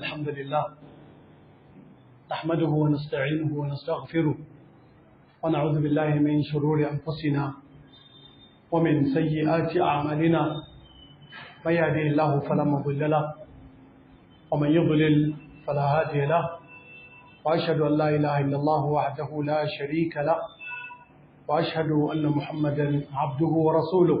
الحمد لله نحمده ونستعينه ونستغفره ونعوذ بالله من شرور أنفسنا ومن سيئات أعمالنا من يهدي الله فلا مضل له ومن يضلل فلا هادي له وأشهد أن لا إله إلا الله وحده لا شريك له وأشهد أن محمدا عبده ورسوله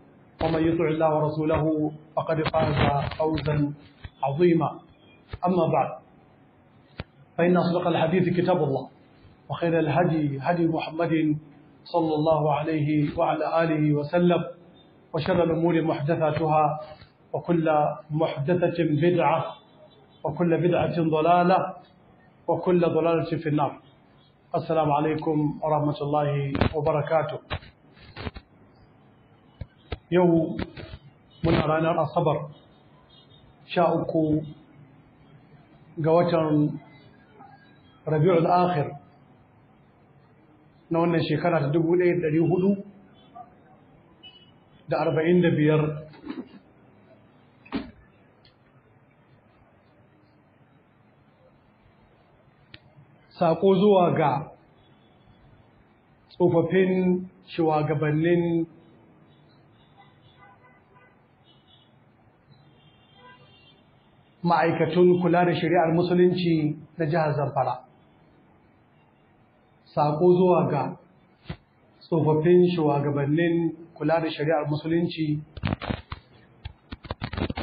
ومن يطع الله ورسوله فقد فاز فوزا عظيما أما بعد فإن أصدق الحديث كتاب الله وخير الهدي هدي محمد صلى الله عليه وعلى آله وسلم وشر الأمور محدثاتها وكل محدثة بدعة وكل بدعة ضلالة وكل ضلالة في النار السلام عليكم ورحمة الله وبركاته yau muna ranar asabar sha uku ga watan rabi'ul akhir na wannan shekara ta dubu ɗaya da ɗari hudu da arba'in da biyar saƙo zuwa ga tsofaffin shugabannin ma'aikatun kula da shari'ar musulunci na jihar Zamfara. Sako zuwa ga tsofaffin shugabannin kula da shari'ar musulunci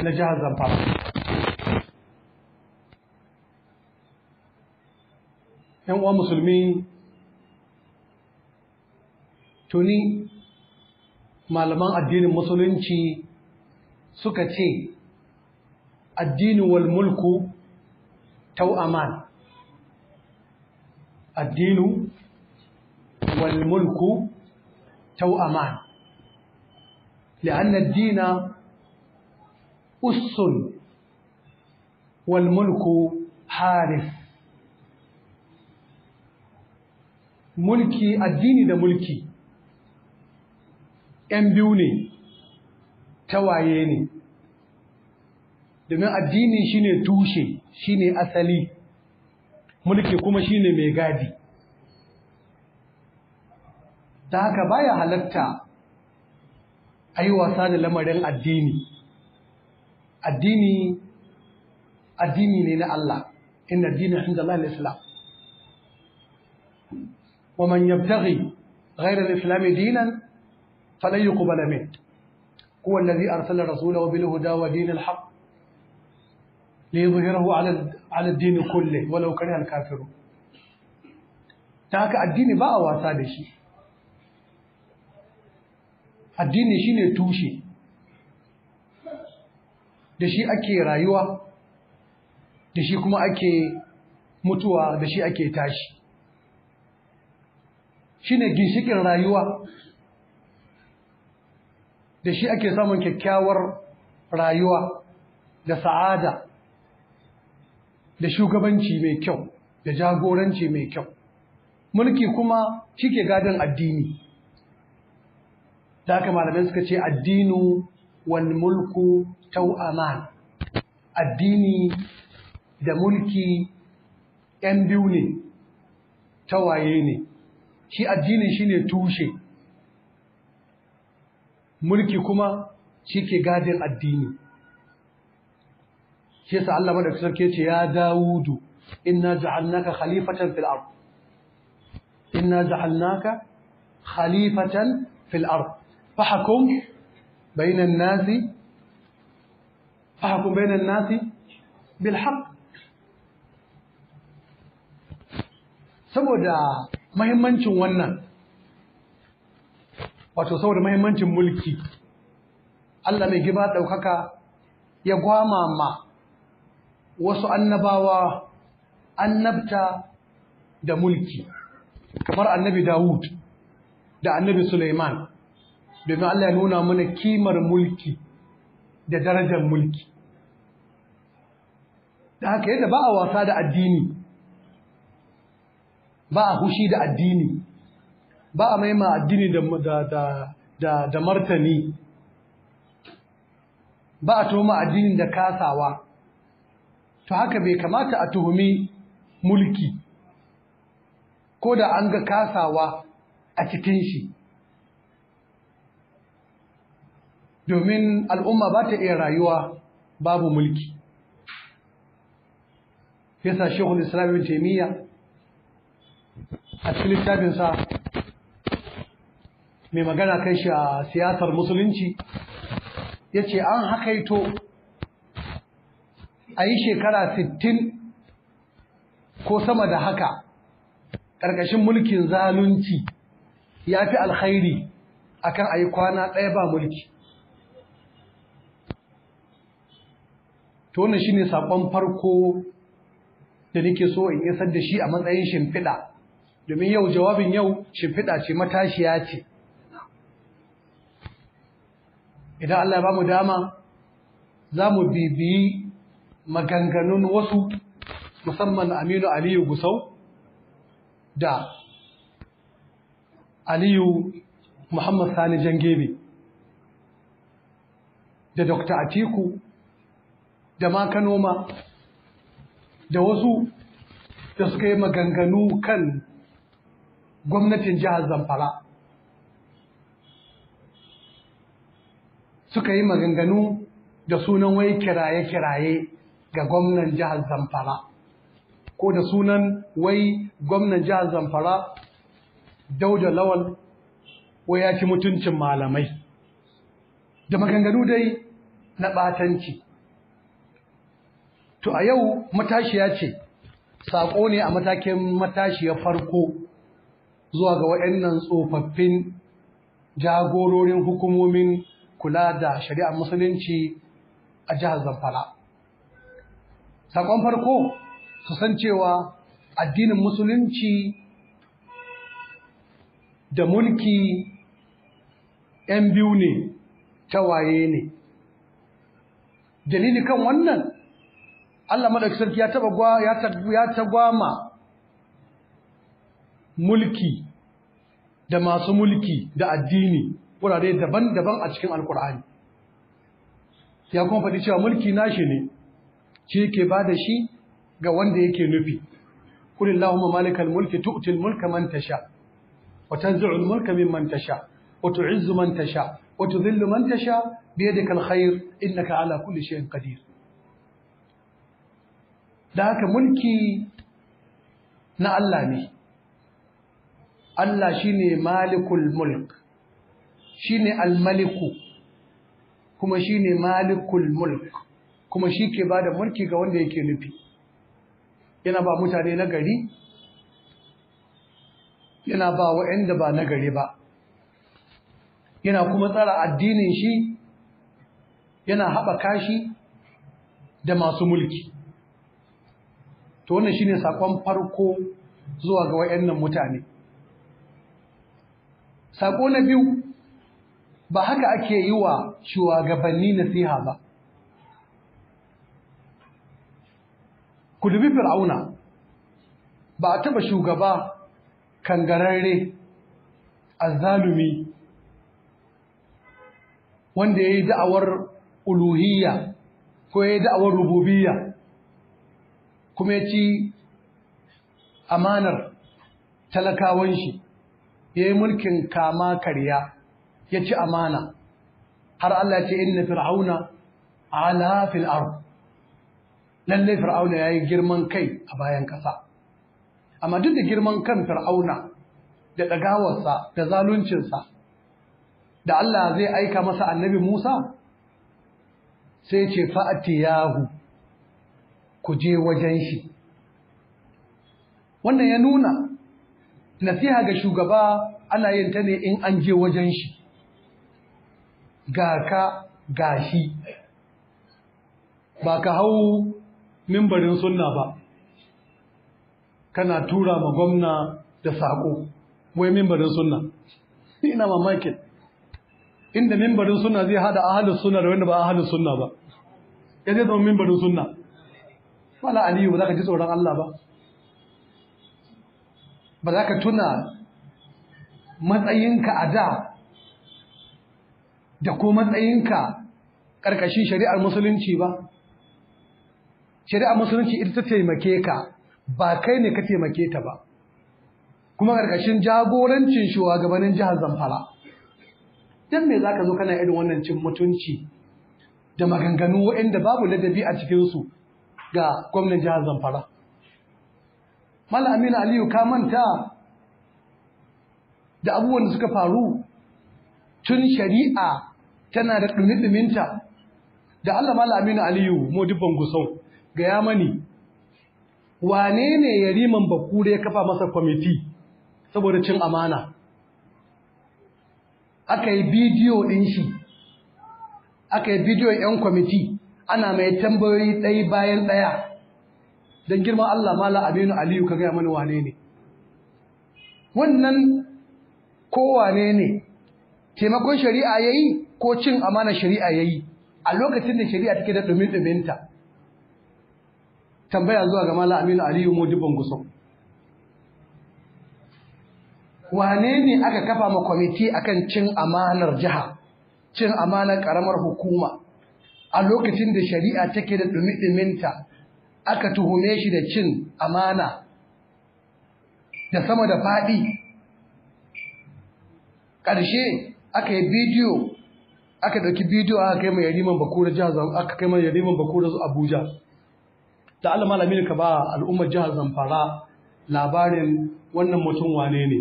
na jihar Zamfara. ‘Yan uwa musulmi tuni malaman addinin musulunci suka ce الدين والملك توأمان الدين والملك توأمان لأن الدين أس والملك حارس ملكي الدين ده ملكي ‘yan biyu domin addini shine tushe shine asali mulki kuma shine mai gadi ta haka baya halatta a yi wasa da lamarin addini addini addini ne na Allah inna addini inda Allah al-Islam wa man yabtaghi ghayra al-islam dinan falan yuqbala min huwa alladhi arsala rasulahu bil huda wa dinil haqq liyuzhirahu ala ala kulle kulli walau kariha al-kafiru ta haka addini ba a wasa da shi addini shine tushe da shi ake rayuwa da shi kuma ake mutuwa da shi ake tashi shine ginshikin rayuwa da shi ake samun kyakkyawar rayuwa da sa'ada da shugabanci mai kyau da jagoranci mai kyau mulki kuma cike gadon addini da haka malamai suka ce addinu wani mulku tau'aman addini da mulki ‘yan biyu ne, tawaye ne, shi addini shine tushe, mulki kuma cike ke gadin addini. shi yasa Allah madaukakin sarki yace ya Dawudu inna ja'alnaka khalifatan fil ard inna ja'alnaka khalifatan fil ard fahkum bayna an-nasi fahkum bayna an-nasi bil haqq saboda mahimmancin wannan wato saboda mahimmancin mulki Allah mai giba daukaka ya gwamama wasu annabawa annabta da mulki kamar annabi Dawud da annabi Suleiman domin Allah ya nuna mana kimar mulki da darajar mulki da haka yadda ba a wasa da addini ba a hushi da addini ba a maima addini da martani ba a toma addini da kasawa to haka bai kamata a tuhumi mulki ko da an ga kasawa a cikin shi domin al'umma ba ta iya rayuwa babu mulki yasa shekul islamin taimiyya a cikin littafinsa mai magana kan shi a siyasar musulunci ya ce an hakaito a yi shekara sittin ko sama da haka ƙarƙashin mulkin zalunci ya fi alkhairi akan a yi kwana ɗaya ba mulki to shi ne saƙon farko da nake so in isar da shi a matsayin shimfiɗa domin yau jawabin yau shimfiɗa ce matashiya ce idan Allah ya ba mu dama za mu bibiyi maganganun wasu musamman Aminu Aliyu Gusau da Aliyu Muhammad Sani Jangebe da Dr. Atiku da Makanoma da wasu da suka yi maganganu kan gwamnatin jihar Zamfara suka yi maganganu da sunan wai kiraye-kiraye ga gwamnan jihar Zamfara ko da sunan wai gwamnan jihar Zamfara Dauda Lawal wai ya ci mutuncin malamai da maganganu dai na ɓatanci, to a yau matashiya ce saƙo ne a matakin ya farko zuwa ga waɗannan tsofaffin jagororin hukumomin kula da shari'ar musulunci a jihar Zamfara sakon farko su san cewa addinin musulunci da mulki ‘yan biyu ne tawaye ne dalili kan wannan Allah maɗauki sarki ya tagwama mulki da masu mulki da addini wurare daban-daban a cikin Alƙur'ani. ya kuma faɗi cewa mulki nashi ne shi yake bada shi ga wanda yake nufi qul allahumma malikal mulki tu'til mulka man tasha wa tanzi'ul mulka mimman tasha wa tu'izzu man tasha wa tudhillu man tasha biyadika alkhair innaka ala kulli shay'in qadir da haka mulki na Allah ne Allah shine malikul mulk shine almaliku kuma shine malikul mulk kuma shi ke ba da mulki ga wanda yake nufi yana ba mutane na gari yana ba wa'anda ba na gari ba yana kuma tsara addinin shi yana haɓaka shi da masu mulki to wannan shine sakon farko zuwa ga nan mutane sako na biyu ba haka ake yi wa shugabanni nasiha ba ku dubi fir'auna ba a taba shugaba kan kangararre azzalumi wanda ya yi da'awar uluhiyya ko ya yi da'awar rububiyya kuma ya ci amanar talakawan shi ya yi mulkin kama karya ya ci amana har Allah ce inna fir'auna ala fil lallai fir'auna ya yi girman kai a bayan ƙasa amma duk da girman kan fir'auna da ɗagawarsa da zaluncinsa da Allah zai aika masa annabi Musa sai ce fa'ati yahu ku je wajen shi wannan ya nuna nasiha ga shugaba ana yin ta ne in an je wajen shi ga ka gashi ba ka hau mimbarin sunna ba kana tura ma gwamna da saƙo wai mimbarin sunna ni ina mamakin inda mimbarin sunna zai hada ahalin sunna da wanda ba ahalin sunna ba ya zai zama mimbarin sunna wala aliyu ba za ka ji tsoron Allah ba ba za ka tuna matsayinka a da da ko matsayinka ƙarƙashin shari'ar musulunci ba shari'a musulunci ita ta taimake ka ba kai ne ka taimake ta ba kuma ƙarƙashin jagorancin shugabannin jihar Zamfara dan me ka zo kana irin wannan cin mutunci da maganganu waɗanda babu ladabi a cikinsu ga gwamnan jihar Zamfara mala amina Aliyu ka manta da abubuwan da suka faru tun shari'a tana da ɗumi-ɗuminta da Allah Malam Aminu Aliyu dubban Gusau gaya mani wane ne yariman bakure ya kafa masa kwamiti saboda cin amana aka yi bidiyo ɗin shi aka yi bidiyo 'yan kwamiti ana mai tambayoyi ɗaya bayan ɗaya don girman Allah mala aminu aliyu ka gaya mani wane ne wannan kowane ne taimakon shari'a ya yi ko cin amana shari'a ya yi a lokacin da shari'a take da ɗumin ɗuminta tambaya zuwa ga Malam Aminu Aliyu Modibo Guso wane ne aka kafa ma kwamiti akan cin amanar jiha cin amanar karamar hukuma a lokacin da shari'a take da dumi-duminta aka tuhume shi da cin amana da sama da faɗi ƙarshe aka yi bidiyo aka ɗauki bidiyo aka kai mai yariman bakura aka mai yariman bakura abuja da Allah malami ka ba al'ummar jihar Zamfara labarin wannan mutum wane ne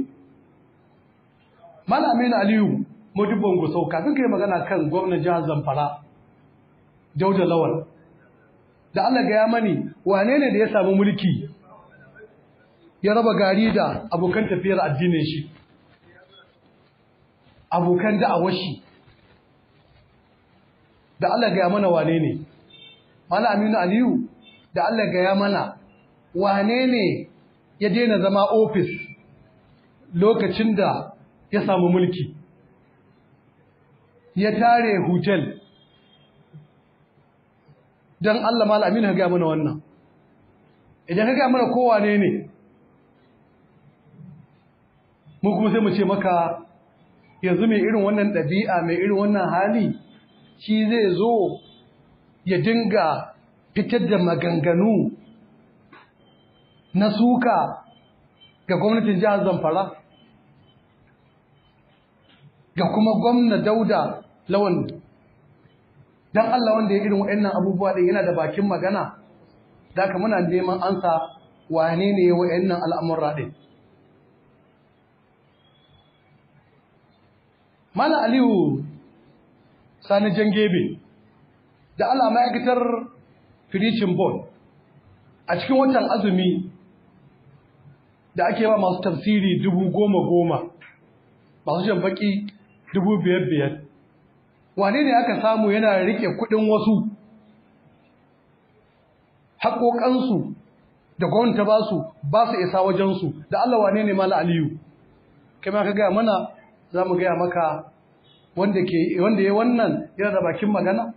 malami na Aliyu Modibon Gusau kafin kai magana kan gwamnan jihar Zamfara da Lawal da Allah ya mani wane ne da ya samu mulki ya raba gari da abokan tafiyar addinin shi abokan da'awar shi da Allah ya mana wane ne Malam Aminu Aliyu da Allah gaya mana wane ne ya daina zama ofis lokacin da ya samu mulki ya tare hotel don Allah malamin ha gaya mana wannan idan ka gaya mana kowane ne mu kuma sai mu ce maka yanzu mai irin wannan ɗabi'a mai irin wannan hali shi zai zo ya dinga fitar da maganganu na suka ga gwamnatin jihar Zamfara ga kuma gwamna Dauda Lawan don Allah wanda ya irin waɗannan abubuwa da yana da bakin magana da ka muna neman ansa wane ne waɗannan al'amurra din Mala Aliyu Sani Jangebe da Allah ma'aikatar preaching board a cikin watan azumi da ake ba masu tafsiri dubu goma goma masu jan baki dubu biyar biyar wane ne aka samu yana rike kudin wasu haƙoƙansu da gwamnati ba su ba su isa wajensu da Allah wane ne mala aliyu kai ma ka gaya mana za mu gaya maka wanda ya yi wannan yana da bakin magana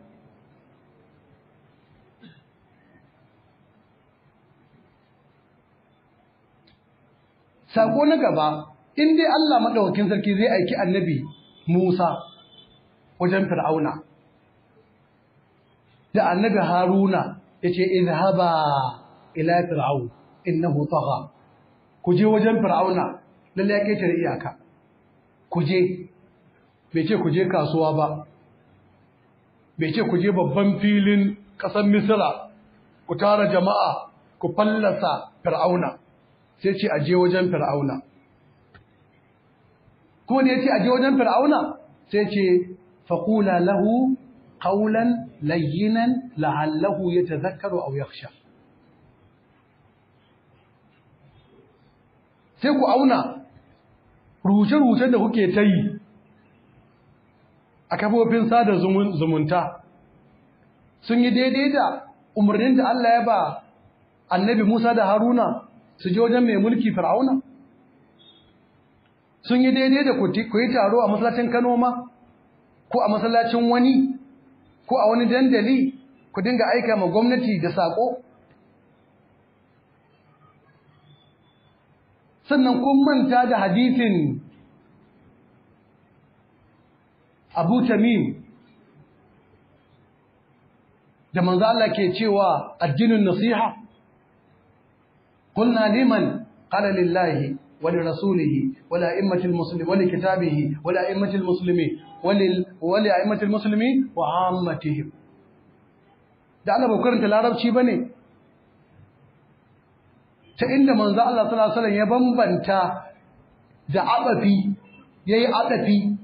sako na gaba in dai Allah maɗaukakin sarki zai aiki annabi Musa wajen Fir'auna da annabi Haruna ce in izhaba ila fir'aun innahu tagha ku je wajen fir'auna lalle ya ƙetare iyaka ku je bai ce ku je kasuwa ba bai ce ku je babban filin ƙasar Misira ku tara jama'a ku fallasa fir'auna sai ce aje wajen fir'auna kuma da ya ce aje wajen fir'auna sai ce faƙula lahu ƙaunan layyinan la'allahu ya aw yakhsha sai ku auna ruce-rucen da kuke ta yi a kafofin sada zumunta sun yi daidai da umarnin da Allah ya ba annabi Musa da Haruna su wajen mai mulki fir'auna sun yi daidai da ku yi taro a masallacin Kano ma ko a masallacin wani ko a wani dandali ku dinga aika ma gwamnati da saƙo? sannan kun manta da hadisin Abu Tamim da manzo Allah ke cewa addinin nasiha قلنا لمن قال لله ولرسوله ولأئمة المسلمين ولكتابه ولأئمة المسلمين ولأئمة المسلمين وعامتهم da Allah ba karanta larabci ba ne ta inda manzo Allah sallallahu alaihi wasallam ya bambanta da abafi yayi adafi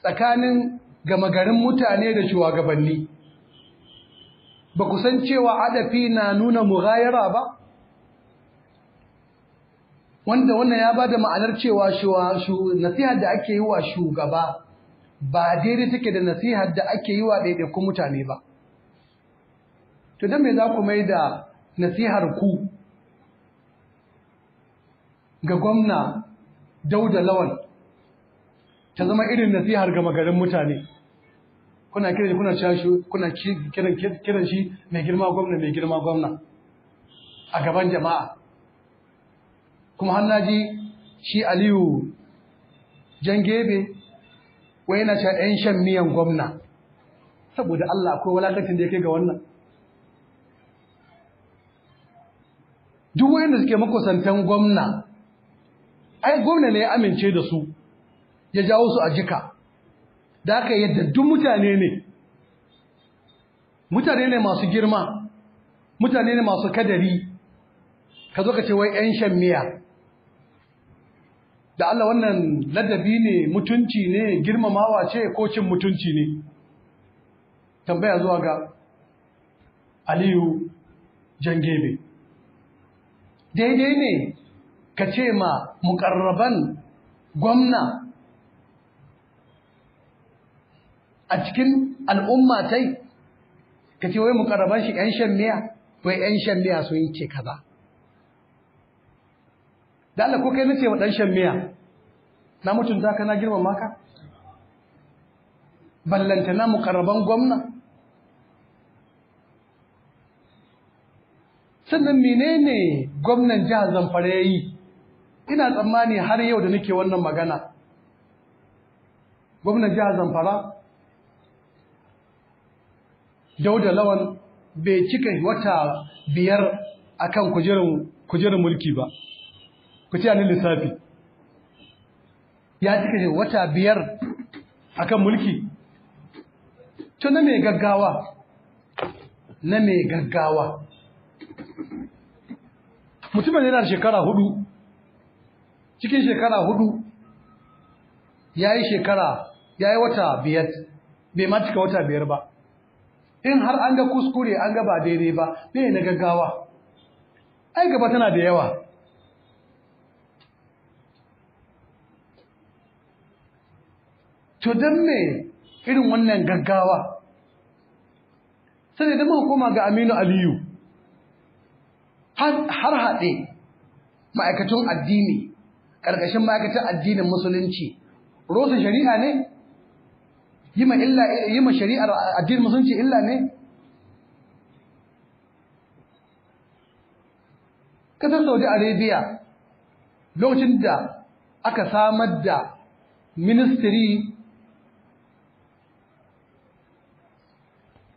tsakanin gama garin mutane da shugabanni ba ku san cewa adafi na nuna mughayara ba wanda wannan ya bada ma'anar cewa nasiha da ake yi wa shugaba ba daidai take da nasiha da ake yi wa ɗaiɗaikun mutane ba to don me za ku mai da nasihar ku ga gwamna dauda lawan ta zama irin nasihar ga magarin mutane kuna kiran kuna kuna kiran shi mai girma gwamna mai girma gwamna a gaban jama'a kuma hannaji shi aliyu jan gebe wai yana cewa ‘yan shan miyan gwamna saboda Allah akwai walakacin da ya kai ga wannan duk wayanda suke makusantan gwamna ai gwamna ne ya amince da su ya jawo su a jika da aka yadda duk mutane ne mutane ne masu girma mutane ne masu kadari ka zo ka ce wai ‘yan shan miya da Allah wannan ladabi ne mutunci ne girmamawa ce ko cin mutunci ne tambaya zuwa ga Aliyu Jangebe daidai ne ka ce ma mukarraban gwamna a cikin al'umma tai ka ce wai mukarraban shi ‘yan shan miya wai ‘yan shan miya sun yi ce kaza da Allah ko kai nace wa dan shan miya na mutunta ka na girmama ka ballanta na mukarraban gwamna sannan menene gwamnan jihar Zamfara yayi ina tsammani har yau da nake wannan magana gwamnan jihar Zamfara Dauda Lawan bai cika wata biyar akan kujerar mulki ba ku ci ni lissafi ya cika wata biyar akan mulki to na mai gaggawa na mai gaggawa mutumin yana shekara hudu cikin shekara hudu ya yi shekara ya yi wata biyar bai ma cika wata biyar ba in har an ga kuskure an ga ba daidai ba bai na gaggawa ai gaba tana da yawa to don me irin wannan gaggawa sai da koma ga aminu aliyu har haɗe ma'aikatan addini ƙarƙashin ma'aikatan addinin musulunci rosa shari'a ne yi ma shari'ar addinin musulunci illa ne ƙasar saudi arabia lokacin da aka samar da ministry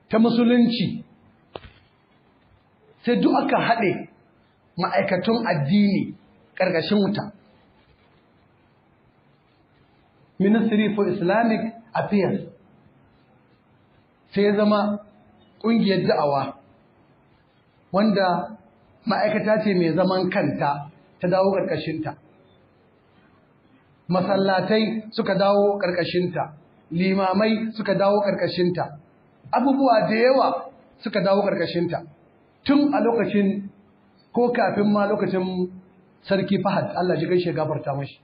ta musulunci sai duk aka haɗe ma'aikatun addini ƙarƙashin wuta ministry for islamic affairs sai zama ƙungiyar da'awa wanda ma'aikata ce mai zaman kanta ta dawo ƙarƙashinta masallatai suka dawo ƙarƙashinta limamai suka dawo ƙarƙashinta abubuwa da yawa suka dawo ƙarƙashinta tun a lokacin ko kafin ma lokacin sarki fahad Allah ji gaishe gafarta mashi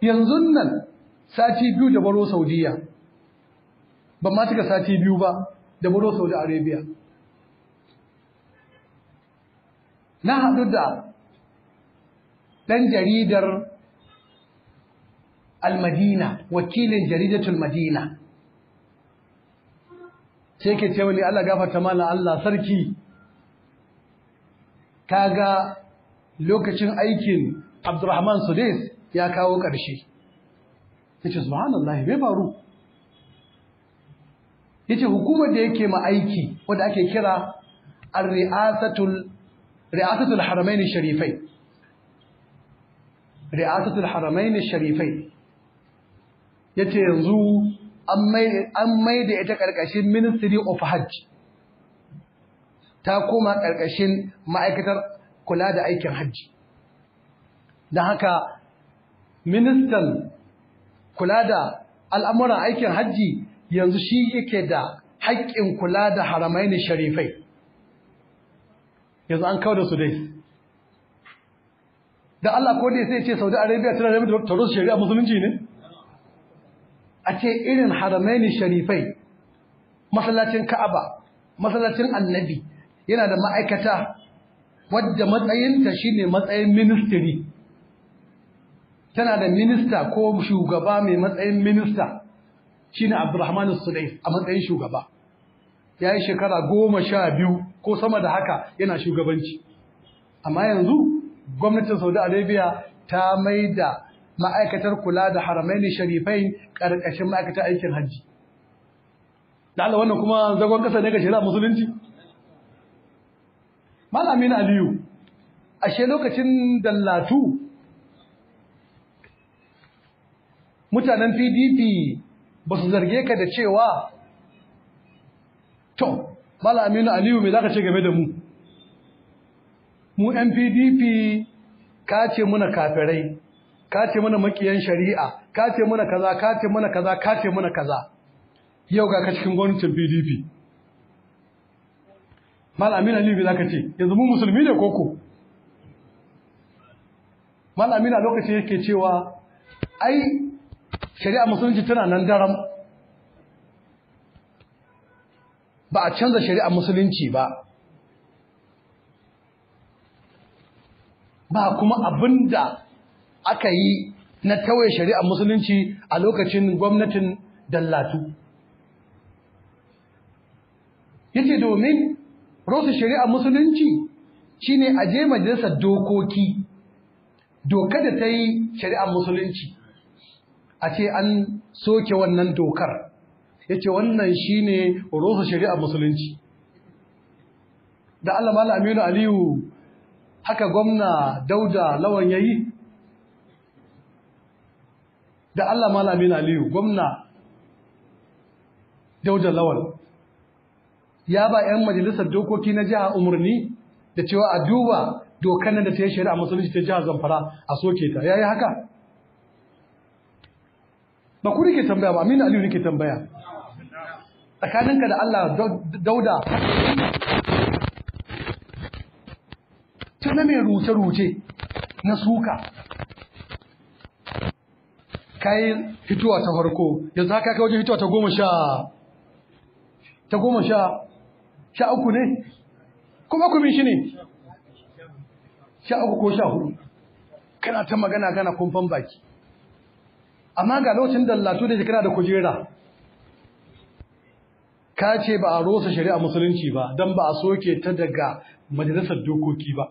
yanzu nan sati biyu da baro saudiya ba ma cika sati biyu ba da baro saudi arabia na haɗu da ɗan jaridar almadina wakilin jaridatul madina sai ke ce wani Allah gafarta mana Allah sarki kaga lokacin aikin Abdurrahman Sudais ya kawo ƙarshe yace subhanallahi bai faru ce hukumar da yake ma aiki wanda ake kira ar-ri'asatul Haramaini sharifai ri'asatul Haramaini sharifai yace yanzu an mai da ita ƙarƙashin ministry of hajj ta koma ƙarƙashin ma'aikatar kula da aikin hajji don haka ministan kula da al'amuran aikin hajji yanzu shi yake da haƙƙin kula da haramaini sharifai yanzu an kawo da su dai da Allah ko dai sai ce Saudi Arabia tana da ta rusa shari'a musulunci ne a ce irin haramaini sharifai masallacin ka'aba masallacin annabi yana da ma'aikata wadda matsayinta shine matsayin ministiri, tana da minista ko shugaba mai matsayin minista shine Abdulrahman sulaif a matsayin shugaba ya yi shekara goma sha biyu ko sama da haka yana shugabanci amma yanzu gwamnatin Saudi Arabia ta maida. ma'aikatar kula da haramai ne sharifai ƙarƙashin ma'aikatar aikin hajji da Allah wannan kuma zagon ƙasa ne ga shirar musulunci malamin aliyu ashe lokacin dallatu mutanen pdp ba su zarge ka da cewa to malamin aliyu me zaka ce game da mu mu yan pdp ka ce muna kafirai ka ce mana makiyan shari'a ka ce mana kaza ka ce mana kaza ka ce mana kaza yau ga ka cikin gwamnatin PDP Mal Amin Ali bi zaka ce yanzu mu musulmi ne koko Mal Amin a lokacin yake cewa ai shari'a musulunci tana nan daram ba a canza shari'a musulunci ba ba kuma abinda aka yi na tawaye shari'ar musulunci a lokacin gwamnatin dallatu yace domin rosa shari'ar musulunci shi ne a je majalisar dokoki doka da ta yi shari'ar musulunci a ce an soke wannan dokar yace wannan shi shine rosa shari'ar musulunci da Allah Malam Aminu Aliyu haka gwamna Dauda Lawan yayi da Allah malamin Aliyu gwamna Dauda Lawal ya ba 'yan majalisar dokoki na jiha umarni da cewa a duba dokan nan da ta yi shari'a musulunci ta jiha Zamfara a soke ta yayi haka ba ku nake tambaya ba Aminu Aliyu nake tambaya tsakaninka da Allah Dauda tana mai ruce-ruce na suka kayi hituwa ta farko yanzu haka kai wajen hituwa ta goma sha ta goma sha sha uku ne kuma kumin shi ne sha uku ko sha hudu kana ta magana kana kumfan baki amma ga lokacin da latu da kana da kujera ka ce ba a rosa shari'a musulunci ba don ba a soke ta daga majalisar dokoki ba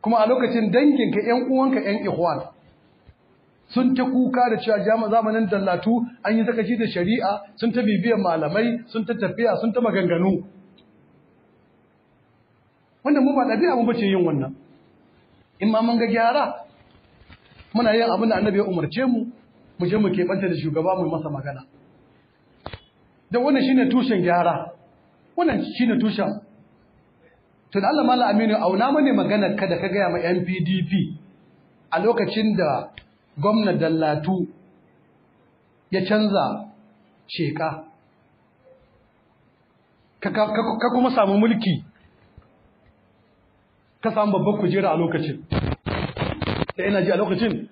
kuma a lokacin danginka 'yan uwanka 'yan ihwan sun ta kuka da cewa jami'a zamanin dallatu an yi sakaci da shari'a sun ta bibiyan malamai sun ta tafiya sun ta maganganu wannan mu ba ɗabi'a mu bace yin wannan in ma mun ga gyara muna yin abin da annabi ya umarce mu mu je mu keɓanta da shugaba mu masa magana da wannan shine tushen gyara wannan shine tushen tun Allah mala aminu auna mane magana kada ka gaya ma NPDP a lokacin da gwamna dallatu ya canza sheka ka kuma samu mulki ka samu babban kujera a lokacin da ina ji a lokacin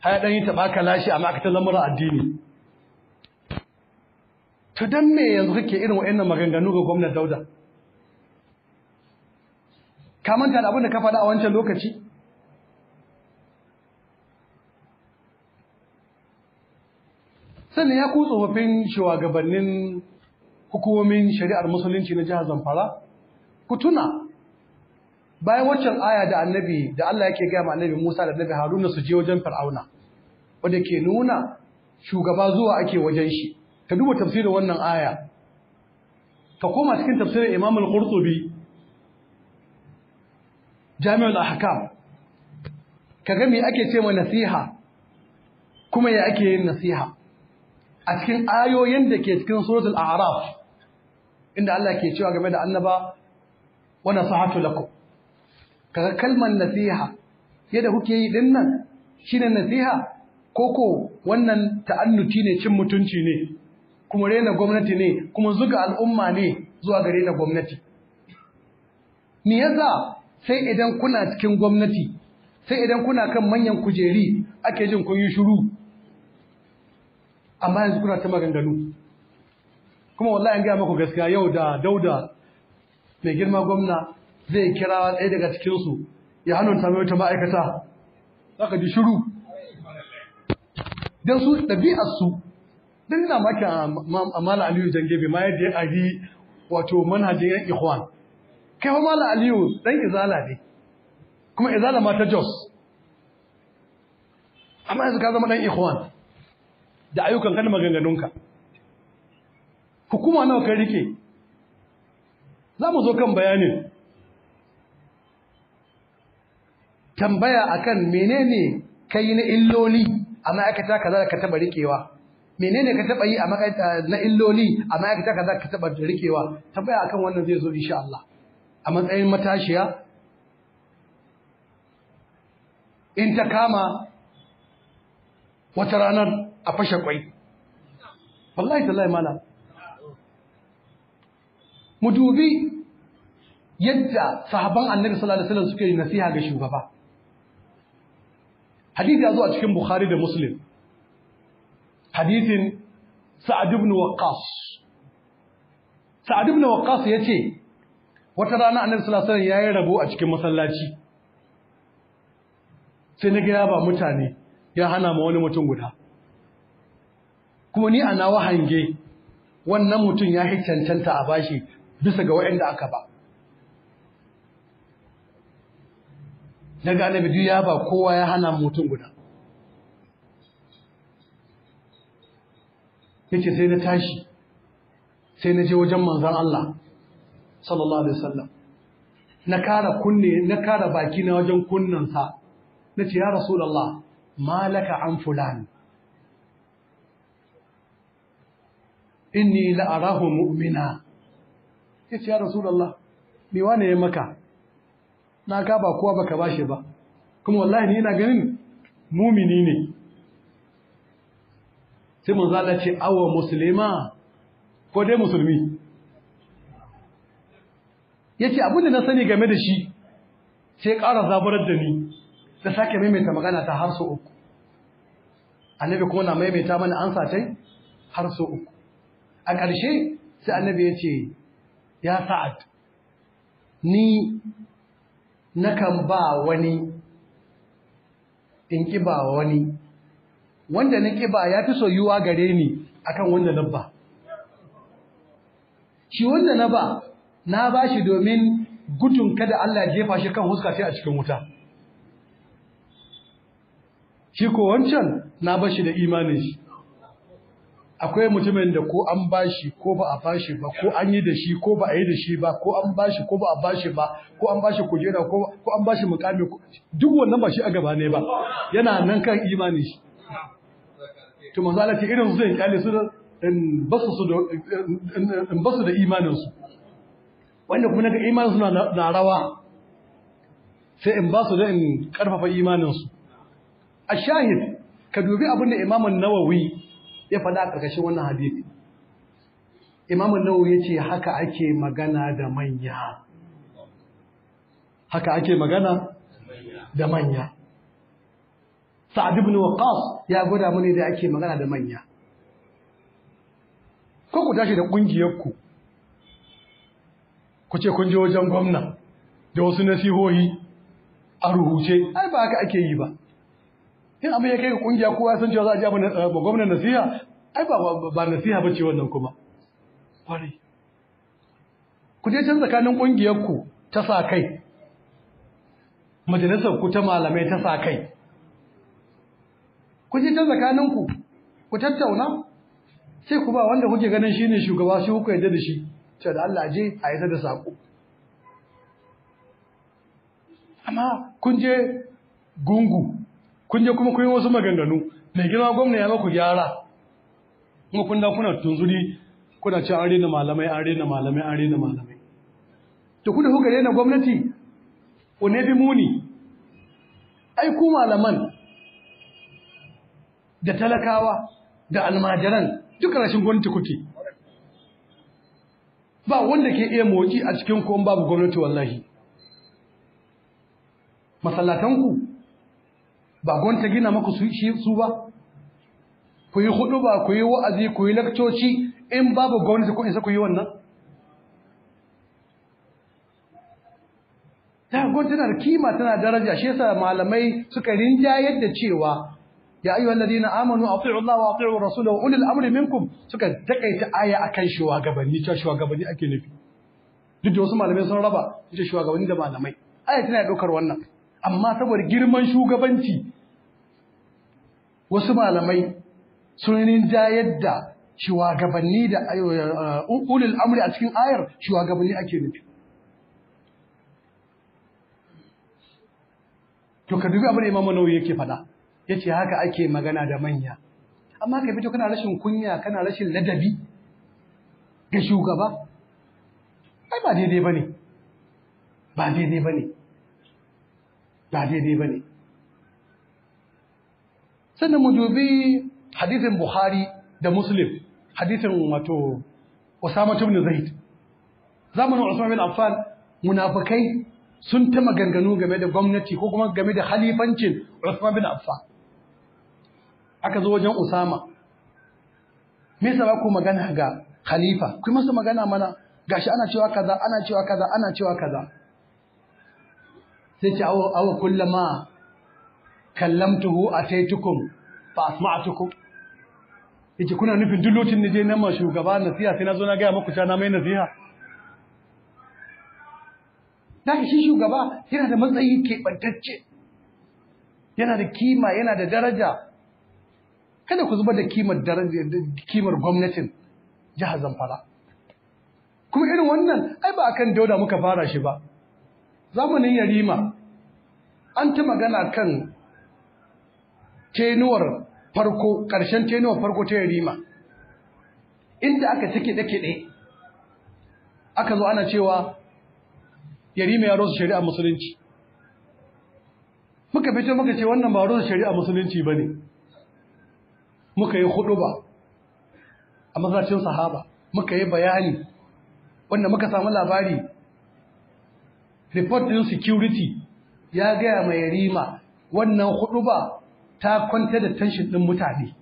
haya ɗan yi taɓa ka lashe a ma'aikatar lamuran addini ta don me yanzu kake irin wa'annan maganganu ga gwamnan dauda ka manta da abin da ka faɗa a wancan lokaci sannan ya ku tsofaffin shugabannin hukumomin shari'ar musulunci na jihar Zamfara ku tuna bayan waccan aya da annabi da Allah yake gaya ma annabi Musa da annabi Haruna su je wajen Fir'auna wanda ke nuna shugaba zuwa ake wajen shi ka duba tafsirin wannan aya ka koma cikin tafsirin Imam al-Qurtubi Jami'ul Ahkam kaga me ake ce ma nasiha kuma ya ake yin nasiha a cikin ayoyin da ke cikin suratul a'raf inda Allah ke cewa game da annaba wa nasihatu lakum kaga kalmar nasiha yadda kuke yi din nan shine nasiha koko wannan ta'annuti ne cin mutunci ne kuma rena gwamnati ne kuma zuga al'umma ne zuwa ga rena gwamnati me yasa sai idan kuna cikin gwamnati sai idan kuna kan manyan kujeri ake jin kun yi shiru amma yanzu kuna ta maganganu kuma wallahi an gaya maku gaskiya yau da dauda mai girma gwamna zai kira ɗaya daga cikinsu ya hannunta mai wata ma'aikata za ka ji shiru don su ɗabi'arsu don na maki a mala aliyu jangebe ma yadda ya ari wato manhajin yan ikhwan kai fa mala aliyu dan izala ne kuma izala ma ta jos amma yanzu ka zama dan ikhwan da ayyukan kan maganganunka hukuma nawa kai rike za mu zo kan bayanin tambaya akan menene kai na illoli a ma'aikata za ka taba rikewa menene ka taba yi a eh, na illoli a ma'aikata za ka taba rikewa tambaya akan wannan zai zo insha Allah a matsayin matashiya in ta kama wata ranar a fashe kwai wallahi ta tallahi mala mu dubi yadda sahaban annabi sallallahu alaihi wasallam suke yi nasiha ga shugaba hadisi ya zo a cikin bukhari da muslim hadisin sa'ad ibn waqqas sa'ad ibn waqqas yace wata rana annabi sallallahu alaihi wasallam yayi rabo a cikin masallaci sai na ga ba mutane ya hana ma wani mutum guda kuma ni a nawa hange wannan mutum ya yi cancanta a bashi bisa ga waɗanda aka ba daga annabi ya ba kowa ya hana mutum guda Yake sai na tashi sai na je wajen manzon Allah sallallahu alaihi wasallam na kara kunne na kara baki na wajen kunnansa nace ya rasulullah malaka an fulani inni la'arahu mu'mina ce ya rasulullah me wane ya maka na ka ba kowa baka bashi ba kuma wallahi ni ina ganin mumini ne sai mun ce awa muslima ko dai musulmi yace abin da na sani game da shi sai ƙara zabarar da ni da sake maimaita magana ta har so uku annabi kuma na maimaita mana ansa tai har so uku a ƙarshe sai annabi ya ce ya sa'ad ni na kan ba wani in ƙiba wani wanda na ƙiba ya fi soyuwa gare ni akan wanda na ba shi wanda na ba na ba shi domin gudun kada Allah jefa shi kan huska sai a cikin wuta shi ko wancan na ba shi da imanin shi akwai mutumin da ko an bashi ko ba a bashi ba ko an yi da shi ko ba a yi da shi ba ko an bashi ko ba a bashi ba ko an bashi kujera ko an bashi mukami duk wannan ba shi a gaba ne ba yana nan kan imani shi to manzo Allah ce irin su in kyale su in ba su da basu da imanin su wanda kuma naga imanin su na rawa sai in basu da in karfafa imanin su a shahid ka dubi abin da Imam Nawawi ya faɗa a ƙarƙashin wannan hadisi nau ya ce haka ake magana da manya haka ake magana da manya Sa'ad ibn ya gwada mani da ake magana da manya ko ku tashi da ƙungiyarku ku ce kun je wajen gwamna da wasu nasihohi a rubuce ai ba haka ake yi ba in abin ya kai ga kungiya kowa san cewa za a ji abin ba eh, gwamnan nasiha ai ba ba nasiha ba ce wannan kuma kwarai ku je can tsakanin kungiyar ku ta sa kai majalisar ku ta malamai ta sa kai ku je can tsakanin ku ku tattauna sai ku ba wanda kuke ganin shine shugaba shi ku yarda da shi cewa da Allah je a isa da sako amma kun je gungu kun je kuma kun yi wasu maganganu mai girma gwamna ya maku gyara kuma kun da kuna tunzuri kuna ce an rena malamai an rena malamai an rena malamai to kuna kuka rena gwamnati ku ne bi muni ai ku malaman da talakawa da almajiran duka rashin gwamnati kuke ba wanda ke iya motsi a cikin ko babu gwamnati wallahi masallatanku ba gwanta gina maku su ba ku yi hudu ba ku yi wa'azi ku yi lakcoci in babu gwamnati ko isa ku yi wannan ta gwamnati na da kima tana daraja shi yasa malamai suka rinjayar da cewa ya ayyuhal ladina amanu ati'u Allah wa ati'u rasulahu ulil amri minkum suka takaita aya akan shugabanni cewa shugabanni ake nufi duk da wasu malamai sun raba ita shugabanni da malamai aya tana daukar wannan amma saboda girman shugabanci wasu malamai sun rinjayar da shugabanni da uh, uh, ulul amri a cikin ayar shugabanni ake nufi to ka dubi abin da imamu nauyi yake faɗa ce haka ake magana da manya amma ka fito kana rashin kunya kana rashin ladabi ga shugaba ai ba daidai ne, ba daidai ne. ba daidai ba ne sannan mu dubi hadisin buhari da muslim hadithin wato Osama ibn zaid zamanin Osama bin affan munafukai sun ta maganganu game da gwamnati ko kuma game da halifancin Osama bin affan aka zo wajen Osama. me yasa ba ku magana ga khalifa ku masa magana mana gashi ana cewa kaza ana cewa kaza ana cewa kaza sai ce awa kullama kallamtuhu ataitukum fa asma'atukum yace kuna nufin duk lokacin nije nan ma shugaba nasiha sai na zo na ga muku ta na mai nasiha daga shi shugaba yana da matsayi kebantacce, yana da kima yana da daraja kada ku zuba da kimar kimar gwamnatin jihar Zamfara kuma irin wannan ai ba akan dauda muka fara shi ba zamanin yarima an ta magana kan tenuwar farko ƙarshen tenuwar farko ta yarima inda aka cike da kiɗe aka zo ana cewa yarima ya rosa shari'a musulunci muka fito muka ce wannan ba rosa shari'a musulunci ba ne muka yi hudu ba a mazacin sahaba muka yi bayani wanda muka samu labari report ɗin security ya gaya mai yarima wannan ba ta kwanta da tension ɗin mutane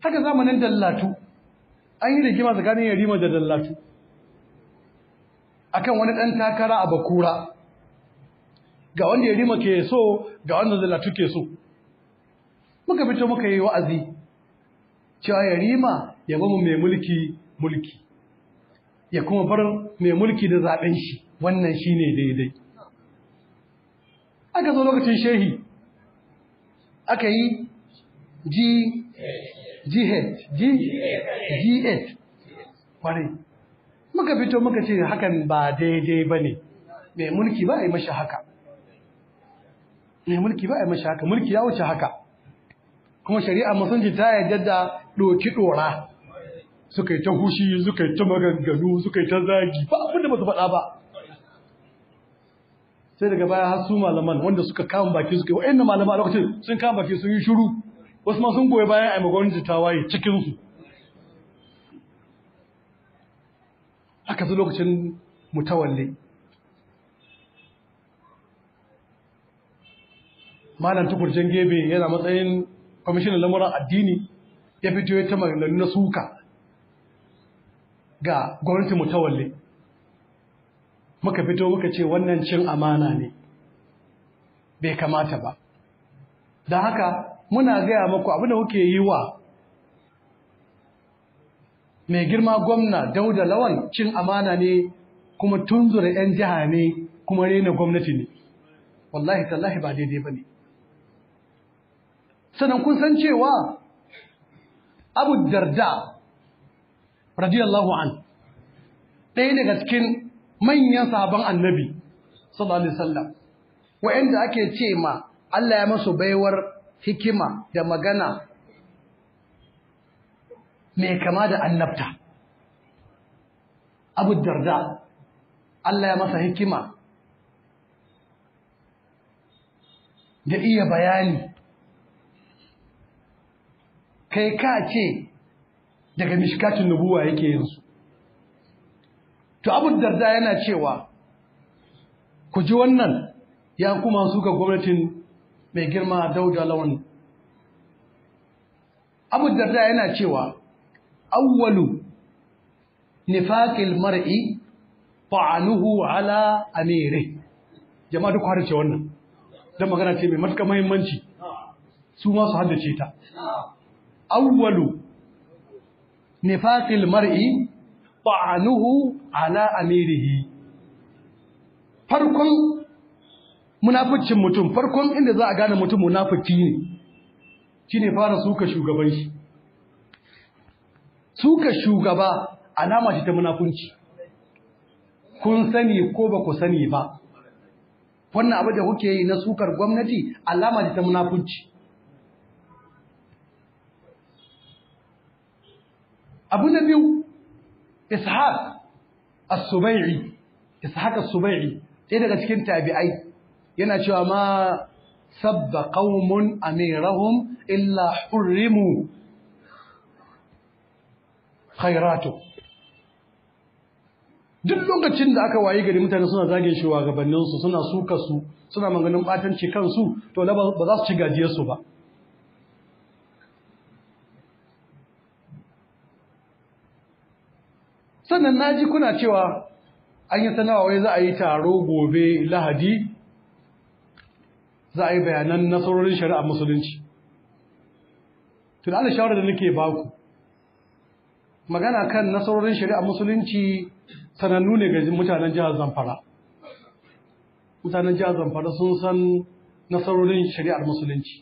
haka zamanin dallatu an yi rigima tsakanin yarima da dallatu akan wani ɗan takara a bakura ga wanda yarima ke so ga wanda dallatu ke so muka fito muka yi wa'azi cewa yarima ya bamu mai mulki mulki ya kuma bar mai mulki da zaben shi wannan shine daidai aka zo lokacin shehi aka yi g gh gh kwarai muka fito muka ce hakan ba daidai ba ne mai mulki ba a yi mashi haka mai mulki ba a yi mashi haka mulki ya wuce haka kuma shari'a musulunci ta yarda da doki ɗora suka yi ta hushi suka yi ta maganganu suka yi ta zagi ba abin ba su faɗa ba sai daga baya hasu malaman wanda suka kama baki suka yi wa'annan malaman a lokacin sun kama baki sun yi shiru wasu ma sun goyi bayan a magwamnati da tawaye cikinsu aka su lokacin mutawalle malam tukurjen gebe yana matsayin kwamishinan lamuran addini ya fito ya ta maganganu na suka ga gwamnati mutawalle muka fito muka ce wannan cin amana ne bai kamata ba don haka muna gaya maku abin da kuke yi wa mai girma gwamna dauda lawan cin amana ne kuma tunzura 'yan jiha ne kuma rena gwamnati ne wallahi tallahi ba daidai ba ne sannan kun san cewa abu darda radiyallahu an ɗaya daga cikin manyan sabon annabi sallallahu alaihi wasallam wa'anda ake ce ma Allah ya masu baiwar hikima da magana mai kama da annabta Abu Darda Allah ya masa hikima da iya bayani kai ka ce daga mishkatin nubuwa yake yin su to abu darda yana cewa ku ji wannan ya kuma su ga gwamnatin mai girma a dauda lawan abu darda yana cewa awwalu nifaqil mar'i ta'anuhu ala amiri jama'a duk har wannan dan magana ce mai matuƙar muhimmanci su ma su haddace ta awwalu nifaqil mar'i ta'anuhu ala amirihi farkon munaficin mutum farkon inda za a gane mutum munafiki ne ne fara suka shugaban shi suka shugaba alama ce ta munafunci kun sani ko ba ku sani ba wannan abu da kuke yi na sukar gwamnati alama ce ta munafunci abu na biyu ishaq as-subai'i ishaq as-subai'i sai daga cikin tabi'ai yana cewa ma sabba qaumun amirahum illa hurrimu khairatu duk lokacin da aka wayi gari mutane suna zagin shugabanninsu suna suka su suna maganin batanci kansu to ba za su ci gajiyarsu ba sannan na ji kuna cewa an yi sanawa wai za a yi taro gobe lahadi za a yi bayanan nasarorin shari'a musulunci tun shawarar da nake baku magana kan nasarorin shari'a musulunci sanannu ne ga mutanen jihar zamfara mutanen jihar zamfara sun san nasarorin shari'ar musulunci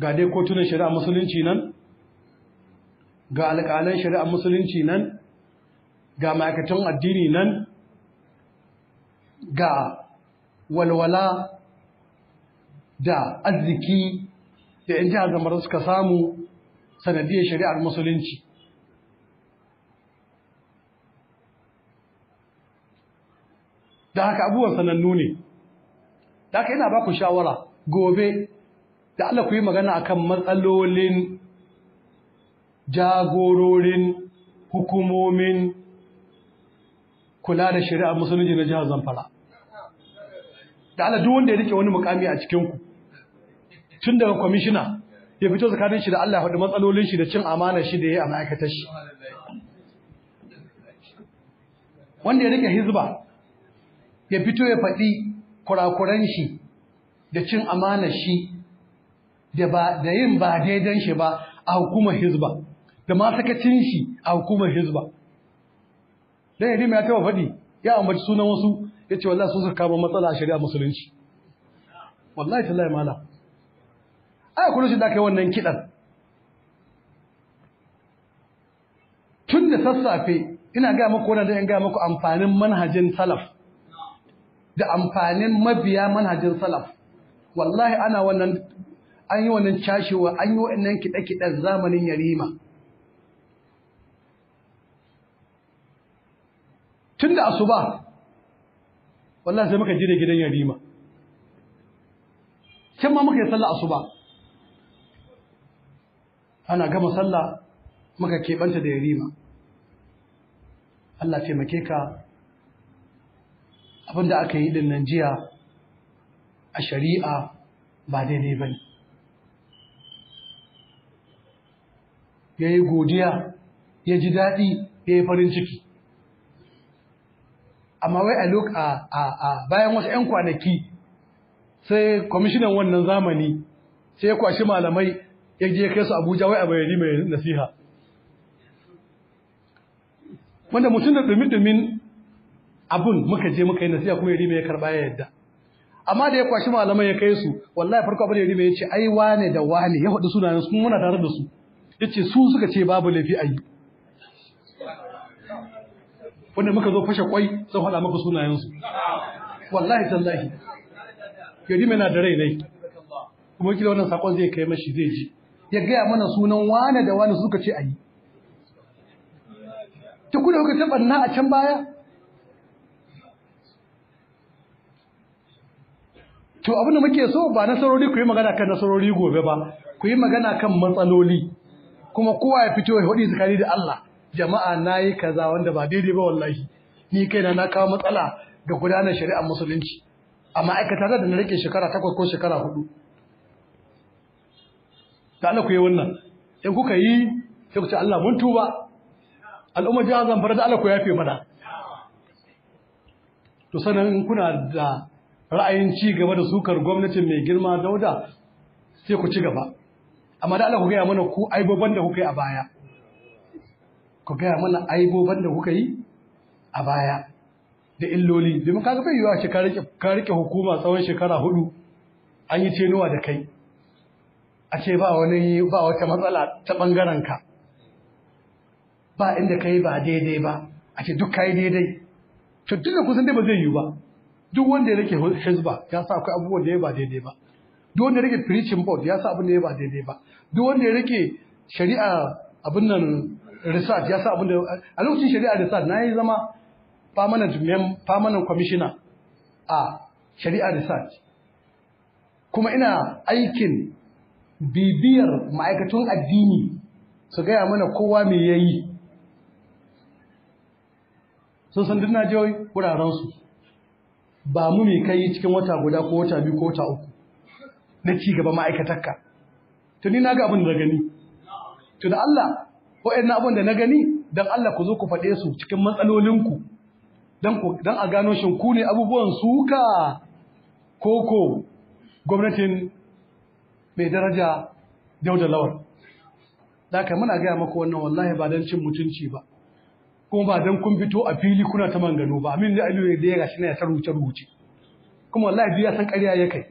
ga dai kotunan shari'ar musulunci nan ga alƙalan shari'ar musulunci nan ga ma'aikatan addini nan ga walwala da arziki da ‘yan jihar zamar suka samu sanadiyar shari'ar musulunci da haka abubuwan sanannu ne da haka yana ba ku shawara gobe da Allah ku yi magana akan matsalolin jagororin hukumomin kula da shari'a musulunci na jihar Zamfara. Da Allah duk wanda ya rike wani mukami a cikinku, tun daga kwamishina ya fito tsakanin shi da Allah da matsalolin shi da cin amana shi da ya yi a ma'aikatar shi. Wanda ya rike hizba ya fito ya faɗi kurakuran shi da cin amana shi da yin ba daidan shi ba a hukumar hizba. da ma cin shi a hukumar hizba dan yadda mai taba faɗi ya ambaci sunan wasu ya ce wallahi sun suka kama matsala a shari'a musulunci wallahi tallahi mala ai kullu shi da kai wannan kidan tun da sassafe ina ga muku wannan dan ga muku amfanin manhajin salaf da amfanin mabiya manhajin salaf wallahi ana wannan an yi wannan cashewa an yi wannan kiɗe-kiɗen zamanin yarima tun da asuba wallahi sai muka jire da gidan yarima can ma muka yi sallah asuba ana gama sallah muka keɓanta da yarima Allah taimake ka abinda aka yi din nan jiya a shari'a ba daidai ba ne ya yi godiya ya ji daɗi ya yi farin ciki amma wai a look a a a bayan wasu ƴan kwanaki sai kwamishinan wannan zamani sai ya kwashi malamai ya je kai su Abuja wai a bayani mai nasiha wanda mutum da dumi dumin abun muka je muka yi nasiha kuma ya rime ya karba ya yadda amma da ya kwashi malamai ya kai su wallahi farko abin ya rime ya ce ai wane da wane ya faɗi sunayen su muna tare da su ce su suka ce babu laifi ayi wanda muka zo fashe kwai zan faɗa maka sunayensu wallahi tallahi yadi mai na da rai nai kuma kila wannan sakon zai kai mashi zai ji ya gaya mana sunan wane da wane suka ce a yi ta kuna kuka taɓa na a can baya to abin da muke so ba nasarori ku yi magana kan nasarori gobe ba ku yi magana kan matsaloli kuma kowa ya fito ya hudu tsakani da Allah jama'a na yi kaza wanda ba daidai ba wallahi ni kaina na kawo matsala ga gudanar shari'ar musulunci amma aikata da na rike shekara takwas ko shekara hudu da Allah ku yi wannan in kuka yi sai ku ce Allah mun tuba al'umma jihar zamfara da Allah ku yafe mana to sanan kuna da ra'ayin ci gaba da sukar gwamnatin mai girma dauda sai ku ci gaba amma da Allah ku gaya mana ku aibobin da kuka yi a baya ku gaya mana aiboban da kuka yi a baya da illoli domin kaga bai yiwa ce ka rike hukuma tsawon shekara hudu an yi cenuwa da kai a ce ba wani ba wata matsala ta bangaren ka ba inda kai ba daidai ba a ce duk kai daidai to da kusan dai ba zai yiwu ba duk wanda ya rike hizba ya sa akwai abubuwan da ya ba daidai ba duk wanda ya rike preaching board ya sa abin da ya ba daidai ba duk wanda ya rike shari'a abin nan research ya sa abin da a lokacin shari'a research na yi zama permanent mem permanent commissioner a shari'a research kuma ina aikin bibiyar ma'aikatun addini su gaya mana kowa me ya yi sun san duk wuraren wurarensu ba mu me kai cikin wata guda ko wata biyu ko wata uku na ci gaba ma'aikatarka tuni na ga abin da gani to da Allah wa'annan abin da na gani don Allah ku zo ku faɗe su cikin matsalolinku don a gano shanku ne abubuwan suka koko gwamnatin mai daraja dauda lawal haka muna gaya maka wannan wallahi ba don cin mutunci ba kuma ba don kun fito a fili kuna ta mangano ba amin da aliyu da ya gashi na ya rubuce rubuce kuma wallahi biya san ƙarya ya kai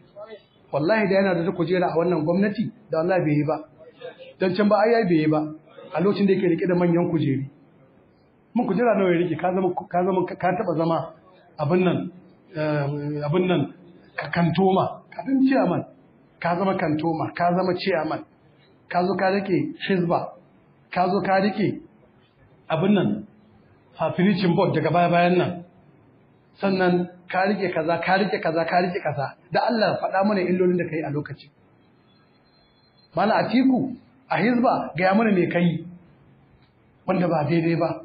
wallahi da yana da kujera a wannan gwamnati da wallahi bai yi ba Don can ba ai bai yi ba a lokacin da yake rike da manyan kujeri mun kujera nawa ya rike ka zama ka taba zama abin nan eh, abin nan ka kantoma kafin chairman ka zama kantoma ka zama chairman ka zo ka rike shizba ka zo ka rike abin nan finishing board daga baya bayan nan sannan ka rike kaza ka rike kaza ka rike kaza da Allah faɗa mana illolin da kai a lokacin mana atiku a hizba gaya mana mai kai wanda ba daidai ba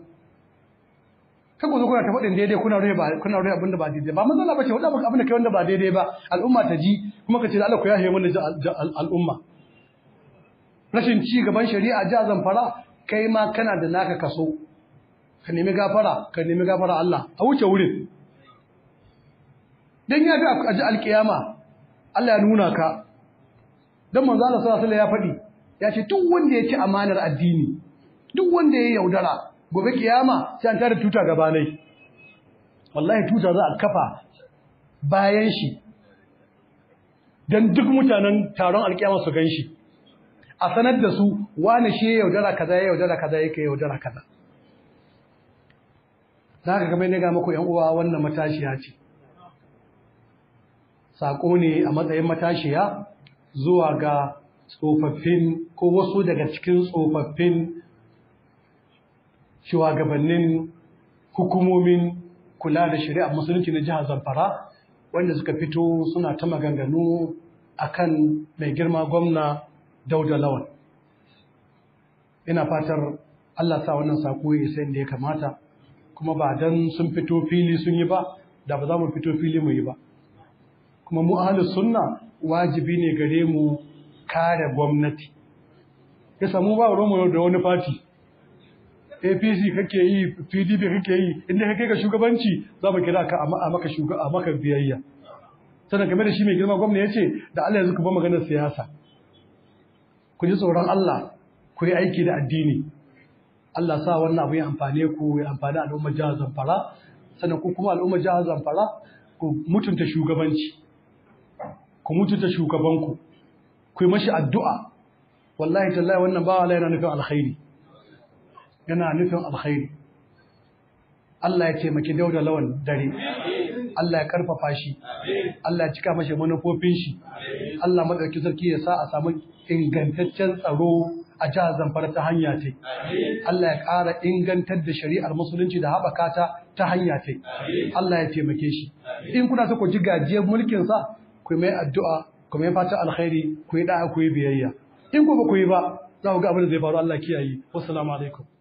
kan kuzo kuna ta faɗin daidai kuna rufe kuna abin da ba daidai ba matsala ba bace faɗa abin da kai wanda ba daidai ba al'umma ta ji kuma ka ce da Allah ku yahe mana al'umma rashin ci gaban shari'a ja fara kai ma kana da naka kaso ka nemi gafara ka nemi gafara Allah a wuce wurin dan ya ga a ji alkiyama Allah ya nuna ka dan manzo Allah sallallahu alaihi ya faɗi ya ce duk wanda ya ci amanar addini duk wanda ya yaudara gobe kiyama sai an tare tuta gaba nai. wallahi tuta za a kafa bayan shi dan duk mutanen taron alkiyama su gan shi a sanar da su wani shi ya yaudara kaza ya yaudara kaza yake yaudara kaza za ka kamar ne ga muku yan uwa wannan matashiya ce saƙo ne a matsayin matashiya zuwa ga tsofaffin ko wasu daga cikin tsofaffin shugabannin hukumomin kula da shari'ar musulunci na jihar zamfara wanda suka fito suna ta maganganu kan mai girma gwamna dauda lawan ina fatar allah sa wannan sako ya isa inda ya kamata kuma ba dan sun fito fili sun yi ba da ba za mu fito fili mu yi ba kuma mu ahlus sunna wajibi ne gare mu kare gwamnati ya samu ba romo da wani fati APC kake yi PDP kake yi inda kake ga shugabanci za mu kira ka a maka shuga a maka biyayya sannan game da shi mai girma gwamna ce, da Allah yanzu ku ba maganar siyasa ku ji tsoron Allah ku yi aiki da addini Allah sa wannan abu ya amfane ku ya amfani al'ummar jihar Zamfara sannan ku kuma al'ummar jihar Zamfara ku mutunta shugabanci ku mutunta shugabanku ku yi mashi addu'a wallahi tallahi wannan bawa wala yana nufin alkhairi yana nufin alkhairi Allah ya taimaki dauda lawan dare Allah ya karfafa shi Allah ya cika mashi manufofin shi Allah madauki sarki ya sa a samu ingantaccen tsaro a jihar Zamfara ta hanya ce Allah ya ƙara ingantar da shari'ar musulunci da haɓaka ta ta hanya ce Allah ya taimake shi in kuna so ku ji gajiyar mulkin sa ku mai addu'a ku mai fata alkhairi ku yi da'a ku yi biyayya in ku ba ku yi ba za ku ga abin da zai faru Allah kiyaye wassalamu alaikum